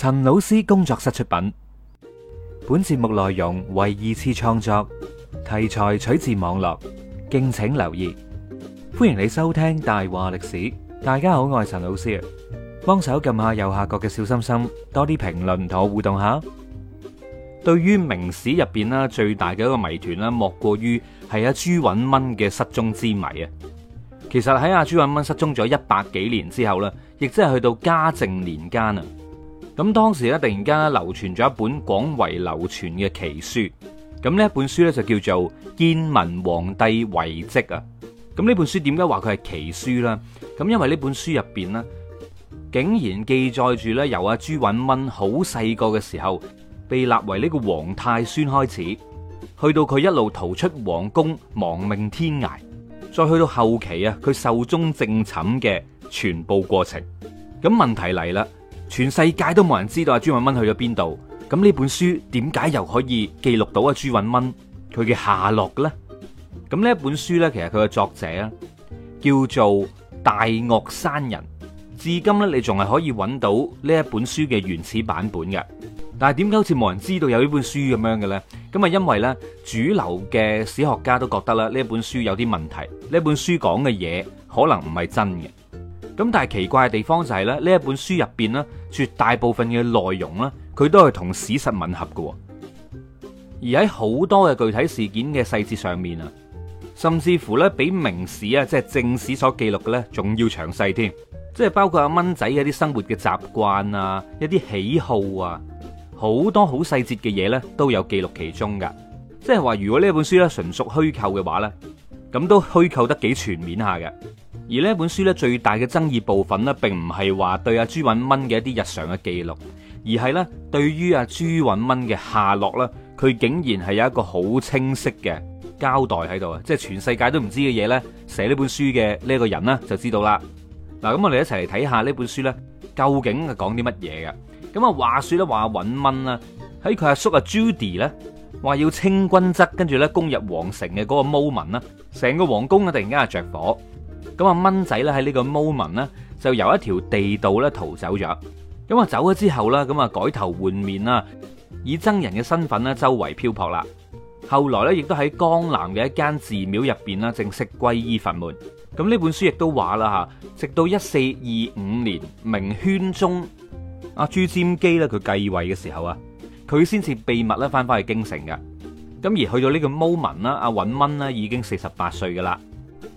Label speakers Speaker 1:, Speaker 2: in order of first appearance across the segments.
Speaker 1: 陳老師工作室出品，本節目內容為二次創作，題材取自網絡，敬請留意。歡迎你收聽《大話歷史》。大家好，我係陳老師啊，幫手撳下右下角嘅小心心，多啲評論同我互動下。對於明史入邊啦，最大嘅一個謎團啦，莫過於係阿朱允炆嘅失蹤之謎啊。其實喺阿朱允炆失蹤咗一百幾年之後咧，亦即係去到嘉靖年間啊。咁當時咧，突然間咧流傳咗一本廣為流傳嘅奇書，咁呢本書咧就叫做《建文皇帝遺蹟》啊！咁呢本書點解話佢係奇書呢？咁因為呢本書入邊呢，竟然記載住咧由阿朱允炆好細個嘅時候被立為呢個皇太孫開始，去到佢一路逃出皇宮亡命天涯，再去到後期啊佢壽終正寢嘅全部過程。咁問題嚟啦。全世界都冇人知道阿朱允炆去咗邊度，咁呢本書點解又可以記錄到阿朱允炆佢嘅下落嘅咧？咁呢本書呢，其實佢嘅作者咧叫做大岳山人，至今呢，你仲係可以揾到呢一本書嘅原始版本嘅。但係點解好似冇人知道有呢本書咁樣嘅咧？咁啊，因為咧主流嘅史學家都覺得啦，呢本書有啲問題，呢本書講嘅嘢可能唔係真嘅。咁但係奇怪嘅地方就係咧，呢一本書入邊咧，絕大部分嘅內容咧，佢都係同史實吻合嘅，而喺好多嘅具體事件嘅細節上面啊，甚至乎咧，比明史啊，即係正史所記錄嘅咧，仲要詳細添，即係包括阿蚊仔嘅啲生活嘅習慣啊，一啲喜好啊，好多好細節嘅嘢咧，都有記錄其中噶，即係話如果呢本書咧純屬虛構嘅話咧，咁都虛構得幾全面下嘅。而呢本書咧，最大嘅爭議部分呢，並唔係話對阿朱允炆嘅一啲日常嘅記錄，而係咧對於阿朱允炆嘅下落呢，佢竟然係有一個好清晰嘅交代喺度啊！即係全世界都唔知嘅嘢呢，寫呢本書嘅呢個人呢就知道啦。嗱，咁我哋一齊嚟睇下呢本書呢究竟係講啲乜嘢嘅？咁啊，話説咧話允炆，喺佢阿叔阿朱棣呢話要清君側，跟住呢攻入皇城嘅嗰個 moment，成個皇宮啊，突然間係着火。咁啊，蚊仔咧喺呢個 moment 呢，就由一條地道咧逃走咗。咁啊，走咗之後啦，咁啊改頭換面啦，以僧人嘅身份呢，周圍漂泊啦。後來呢，亦都喺江南嘅一間寺廟入邊呢，正式歸依佛門。咁呢本書亦都話啦吓，直到一四二五年明宣宗阿朱瞻基咧佢繼位嘅時候啊，佢先至秘密咧翻翻去京城噶。咁而去到呢個 moment 啦，阿允炆呢，已經四十八歲噶啦。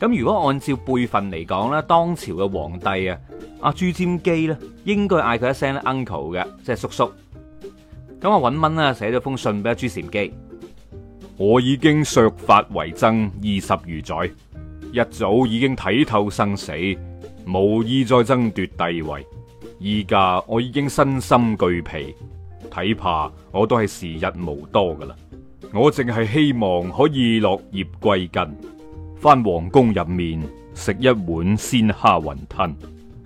Speaker 1: 咁如果按照輩分嚟講咧，當朝嘅皇帝啊，阿朱瞻基咧，應該嗌佢一聲 uncle 嘅，即係叔叔。咁阿允炆咧寫咗封信俾阿朱瞻基，我已經削髮為僧二十餘載，一早已經睇透生死，無意再爭奪帝位。而家我已經身心俱疲，睇怕我都係時日無多噶啦。我淨係希望可以落葉歸根。翻皇宮入面食一碗鮮蝦雲吞，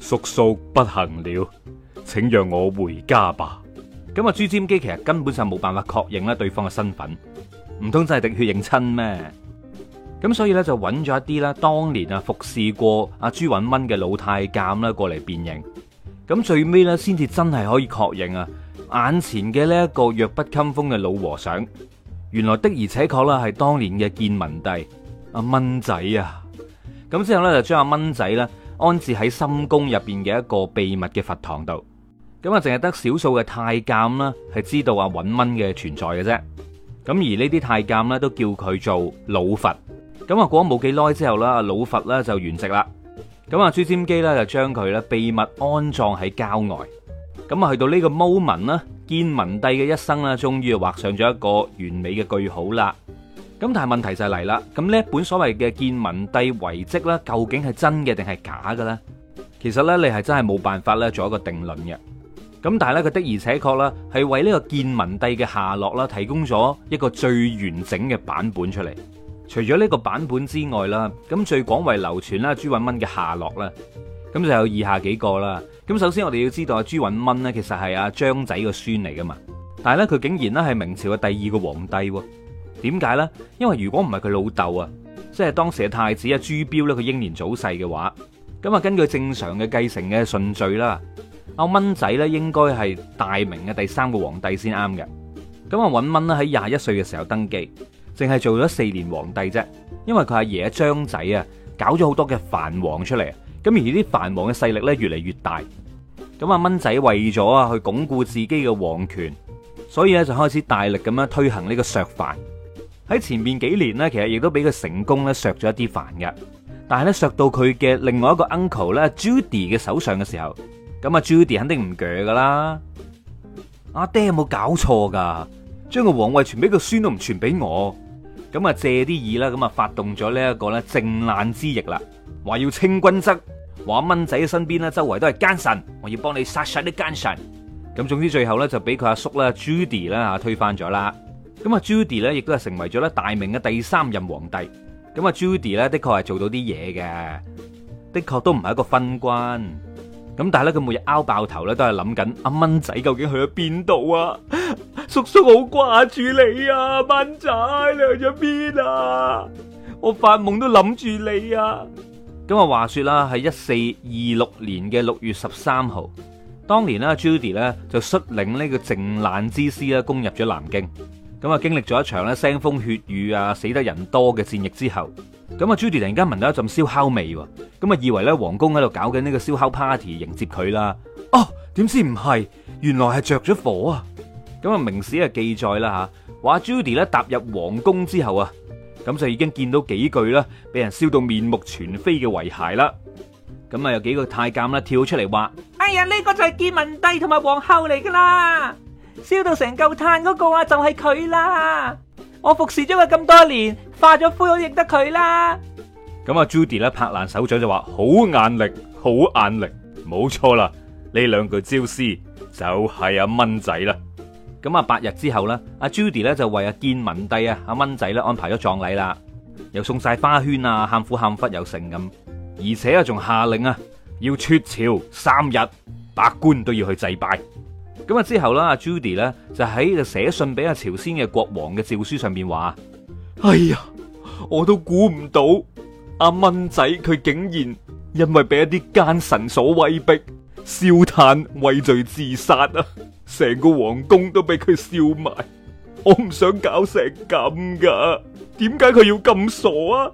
Speaker 1: 叔叔不行了，請讓我回家吧。咁啊，朱瞻基其實根本上冇辦法確認啦，對方嘅身份，唔通真係滴血認親咩？咁所以咧就揾咗一啲啦，當年啊服侍過阿、啊、朱允炆嘅老太監啦過嚟辨認。咁最尾咧先至真係可以確認啊，眼前嘅呢一個弱不禁風嘅老和尚，原來的而且確啦係當年嘅建文帝。阿、啊、蚊仔啊，咁之後呢，就將阿蚊仔呢安置喺深宮入邊嘅一個秘密嘅佛堂度，咁啊淨係得少數嘅太監啦係知道阿允炆嘅存在嘅啫，咁而呢啲太監呢，都叫佢做老佛，咁啊過咗冇幾耐之後啦，老佛呢就圓寂啦，咁啊朱瞻基呢，就將佢呢秘密安葬喺郊外，咁啊去到呢個 moment 啦，建文帝嘅一生呢，終於啊畫上咗一個完美嘅句號啦。咁但係問題就係嚟啦，咁呢本所謂嘅《建文帝遺蹟》啦，究竟係真嘅定係假嘅咧？其實呢，你係真係冇辦法咧做一個定論嘅。咁但係呢，佢的而且確啦，係為呢個建文帝嘅下落啦提供咗一個最完整嘅版本出嚟。除咗呢個版本之外啦，咁最廣為流傳啦朱允炆嘅下落啦，咁就有以下幾個啦。咁首先我哋要知道阿朱允炆呢其實係阿張仔個孫嚟噶嘛，但係呢，佢竟然咧係明朝嘅第二個皇帝喎。點解呢？因為如果唔係佢老豆啊，即係當時嘅太子啊朱標咧，佢英年早逝嘅話，咁啊，根據正常嘅繼承嘅順序啦，阿炆仔呢應該係大明嘅第三個皇帝先啱嘅。咁啊，允炆呢喺廿一歲嘅時候登基，淨係做咗四年皇帝啫。因為佢阿爺阿張仔啊，搞咗好多嘅藩王出嚟，咁而啲藩王嘅勢力咧越嚟越大。咁啊，炆仔為咗啊去鞏固自己嘅皇權，所以咧就開始大力咁樣推行呢個削藩。喺前面幾年咧，其實亦都俾佢成功咧削咗一啲藩嘅，但係咧削到佢嘅另外一個 uncle 咧 Judy 嘅手上嘅時候，咁啊 Judy 肯定唔鋸噶啦。阿爹，有冇搞錯噶？將個皇位傳俾個孫都唔傳俾我，咁啊借啲意啦，咁啊發動咗呢一個咧靖難之役啦，話要清君側，話蚊仔嘅身邊啦周圍都係奸臣，我要幫你殺晒啲奸臣，咁總之最後咧就俾佢阿叔啦 Judy 啦推翻咗啦。咁啊，朱棣咧，亦都係成為咗咧大明嘅第三任皇帝。咁啊，朱棣咧的確係做到啲嘢嘅，的確都唔係一個昏君。咁但係咧，佢每日拗爆頭咧，都係諗緊阿蚊仔究竟去咗邊度啊？叔叔好掛住你啊，蚊仔，你
Speaker 2: 去咗邊啊？我發夢都諗住你啊。
Speaker 1: 咁啊，話說啦，係一四二六年嘅六月十三號，當年咧，朱棣咧就率領呢個靖難之師啦，攻入咗南京。咁啊，經歷咗一場咧腥風血雨啊，死得人多嘅戰役之後，咁啊，Judy 突然間聞到一陣燒烤味，咁啊，以為咧皇宮喺度搞緊呢個燒烤 party 迎接佢啦，哦，點知唔係，原來係着咗火啊！咁啊，明史啊記載啦，話 Judy 咧踏入皇宮之後啊，咁就已經見到幾具啦，俾人燒到面目全非嘅遺骸啦，咁啊，有幾個太監啦跳出嚟話：哎呀，呢個就係建文帝同埋皇后嚟㗎啦！燒到成嚿炭嗰個啊，就係佢啦！我服侍咗佢咁多年，化咗灰都認得佢啦。咁啊，Judy 咧拍爛手掌就話：好眼力，好眼力，冇錯啦！呢兩句招師就係阿、啊、蚊仔啦。咁啊，八日之後、啊、呢，阿 Judy 咧就為阿建文帝啊，阿、啊、蚊仔咧安排咗葬禮啦，又送晒花圈啊，喊苦喊忽又成咁，而且啊，仲下令啊，要出朝三日，百官都要去祭拜。咁啊！之後啦，阿 Judy 咧就喺度寫信俾阿朝鮮嘅國王嘅詔書上面話：哎呀，我都估唔到阿蚊仔佢竟然
Speaker 2: 因為俾一啲奸臣所威逼，燒炭畏罪自殺啊！成個皇宮都俾佢燒埋，我唔想搞成咁噶。點解佢要咁傻啊？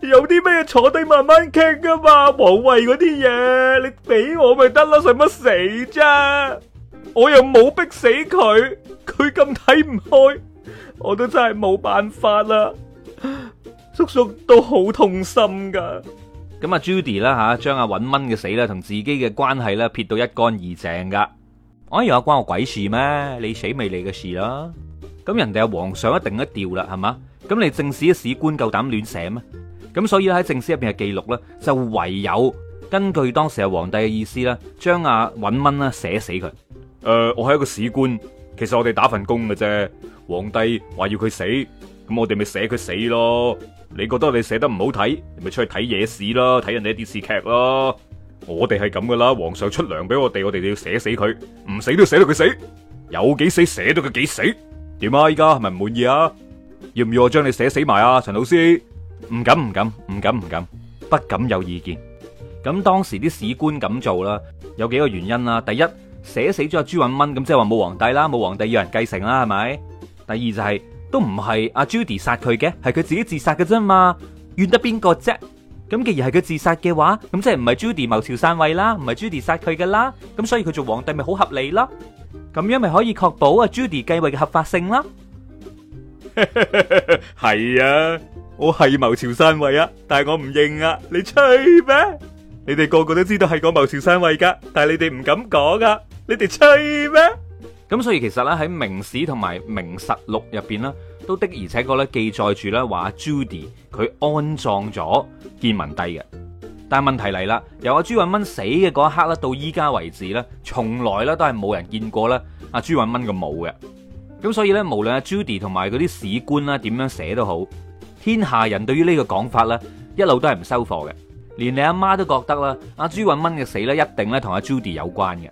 Speaker 2: 有啲咩坐低慢慢傾噶嘛，皇位嗰啲嘢，你俾我咪得啦，使乜死啫，啊？我又冇逼死佢，佢咁睇唔開，我都真係冇辦法啦。叔叔都好痛心噶。
Speaker 1: 咁啊，Judy 啦吓，將阿允炆嘅死啦同自己嘅關係咧撇到一乾二淨噶。我而家關我鬼事咩？你死未你嘅事啦。咁人哋阿皇上一定一掉啦，係嘛？咁你正史嘅史官夠膽亂寫咩？咁所以咧喺正史入邊嘅記錄咧，就唯有根據當時阿皇帝嘅意思啦，將阿允炆啦寫死佢。誒、呃，我係一個史官，其實我哋打份工嘅啫。皇帝話要佢死，咁我哋咪寫佢死咯。你覺得你寫得唔好睇，你咪出去睇野史啦，睇人哋啲啲電視劇啦。我哋係咁噶啦，皇上出糧俾我哋，我哋就要寫死佢，唔死都要寫到佢死，有幾死寫到佢幾死。點啊？依家係咪滿意要要啊？要唔要我將你寫死埋啊？陳老師，唔敢，唔敢，唔敢，唔敢，唔敢，不敢有意見。咁當時啲史官咁做啦，有幾個原因啦、啊，第一。寫死咗阿朱允炆咁，即係話冇皇帝啦，冇皇帝要人繼承啦，係咪？第二就係、是、都唔係阿 Judy 殺佢嘅，係佢自己自殺嘅啫嘛，怨得邊個啫？咁既然係佢自殺嘅話，咁即係唔係 Judy 謀朝篡位啦，唔係 Judy 殺佢噶啦，咁所以佢做皇帝咪好合理咯？咁樣咪可以確保阿 Judy 繼位嘅合法性啦。
Speaker 2: 係 啊，我係謀朝篡位啊，但係我唔認啊，你吹咩？你哋個個都知道係講謀朝篡位噶，但係你哋唔敢
Speaker 1: 講噶、啊。你哋吹咩？咁所以其實咧喺明史同埋明實錄入邊咧，都的而且確咧記載住咧話阿朱棣佢安葬咗建文帝嘅。但係問題嚟啦，由阿朱允炆死嘅嗰一刻咧到依家為止咧，從來咧都係冇人見過咧阿朱允炆嘅墓嘅。咁所以咧，無論阿朱棣同埋嗰啲史官啦點樣寫都好，天下人對於呢個講法咧一路都係唔收貨嘅。連你阿媽都覺得啦，阿朱允炆嘅死咧一定咧同阿朱棣有關嘅。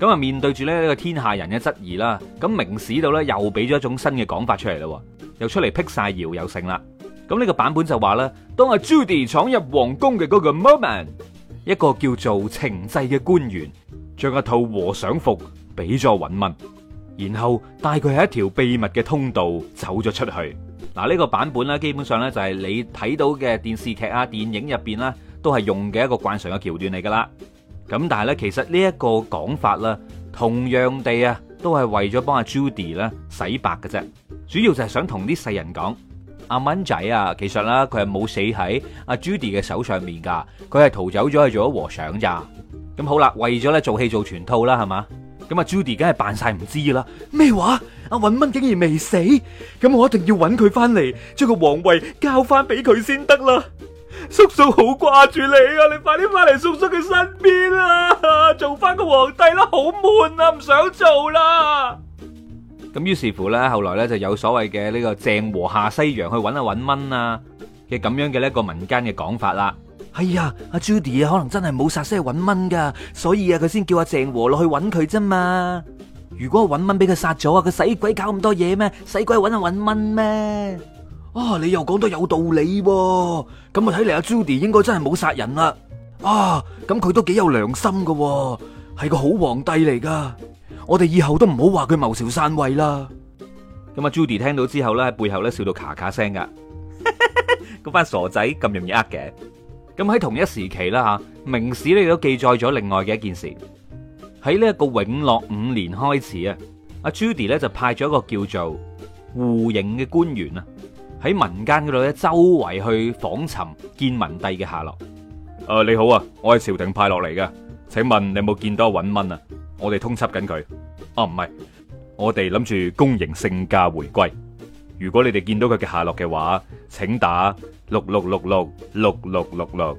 Speaker 1: 咁啊，面對住呢個天下人嘅質疑啦，咁明史度呢又俾咗一種新嘅講法出嚟咯，又出嚟辟曬謠又成啦。咁、這、呢個版本就話咧，當阿 Judy 闖入皇宮嘅嗰個 moment，一個叫做程濟嘅官員將一套和尚服俾咗允炆，然後帶佢喺一條秘密嘅通道走咗出去。嗱，呢個版本呢，基本上呢，就係你睇到嘅電視劇啊、電影入邊啦，都係用嘅一個慣常嘅橋段嚟㗎啦。咁但係咧，其實呢一個講法啦，同樣地啊，都係為咗幫阿 Judy 啦洗白嘅啫，主要就係想同啲世人講，阿炆仔啊，其實啦，佢係冇死喺阿 Judy 嘅手上面噶，佢係逃走咗去做咗和尚咋，咁好啦，為咗咧做戲做全套啦，係嘛，咁阿 Judy 梗係扮晒唔知啦，
Speaker 2: 咩話？阿允炆竟然未死，咁我一定要揾佢翻嚟，將個皇位交翻俾佢先得啦。叔叔好掛住你啊！你快啲翻嚟叔叔嘅身邊啦，啊，做翻個皇帝啦，好悶啊，唔想做啦。
Speaker 1: 咁於是乎咧，後來咧就有所謂嘅呢個鄭和下西洋去搵一搵蚊啊嘅咁樣嘅一個民間嘅講法啦。哎呀，阿 Judy 啊，可能真係冇殺死去搵蚊噶，所以啊，佢先叫阿鄭和落去搵佢啫嘛。如果搵蚊俾佢殺咗啊，佢使鬼搞咁多嘢咩？使鬼搵一搵蚊咩？啊！你又講得有道理喎，咁啊，睇嚟阿 Judy 應該真係冇殺人啦。啊，咁佢都幾有良心噶，啊，係個好皇帝嚟噶。我哋以後都唔好話佢謀朝篡位啦。咁阿 Judy 聽到之後咧，喺背後咧笑到咔咔聲噶，嗰 班傻仔咁容易呃嘅。咁喺同一時期啦，吓明史咧亦都記載咗另外嘅一件事，喺呢一個永樂五年開始啊，阿 Judy 咧就派咗一個叫做胡濙嘅官員啊。喺民間嗰度咧，周圍去訪尋建文帝嘅下落。誒，你好啊，我係朝廷派落嚟嘅，請問你有冇見到允炆啊？我哋通緝緊佢。啊，唔係，我哋諗住公營性價回歸。如果你哋見到佢嘅下落嘅話，請打六六六六六六六六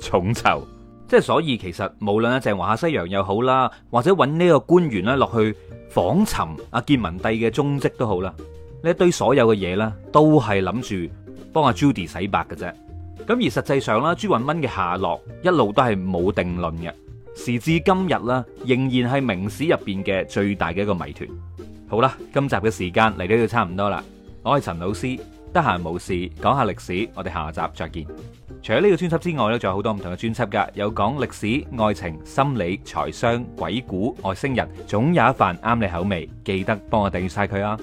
Speaker 1: 重酬。即係所以，其實無論啊鄭和下西洋又好啦，或者揾呢個官員咧落去訪尋阿建文帝嘅蹤迹都好啦。呢一堆所有嘅嘢啦，都係諗住幫阿 Judy 洗白嘅啫。咁而實際上啦，朱允炆嘅下落一路都係冇定論嘅。時至今日啦，仍然係明史入邊嘅最大嘅一個謎團。好啦，今集嘅時間嚟到呢度差唔多啦。我係陳老師，得閒冇事講下歷史。我哋下集再見。除咗呢個專輯之外咧，仲有好多唔同嘅專輯噶，有講歷史、愛情、心理、財商、鬼故、外星人，總有一份啱你口味。記得幫我訂閱晒佢啊！